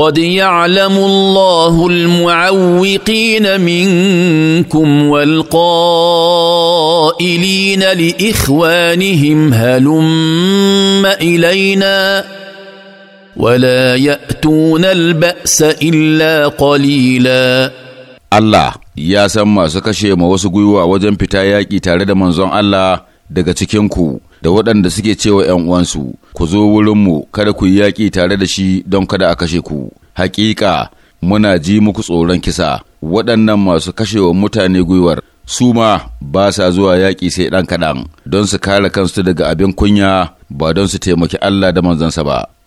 قد يعلم الله المعوقين منكم والقائلين لاخوانهم هلم الينا ولا ياتون الباس الا قليلا الله ya san masu kashe ma wasu gwiwa wajen fita yaƙi tare da manzon Allah daga cikinku da waɗanda suke cewa ‘yan uwansu, ku zo wurinmu kada ku yi yaƙi tare da shi don kada a kashe ku. haƙiƙa muna ji muku tsoron kisa, waɗannan masu kashewa mutane gwiwar su ma ba sa zuwa yaƙi sai ɗan kaɗan don su kare kansu daga abin kunya ba don su taimaki Allah da manzansa ba.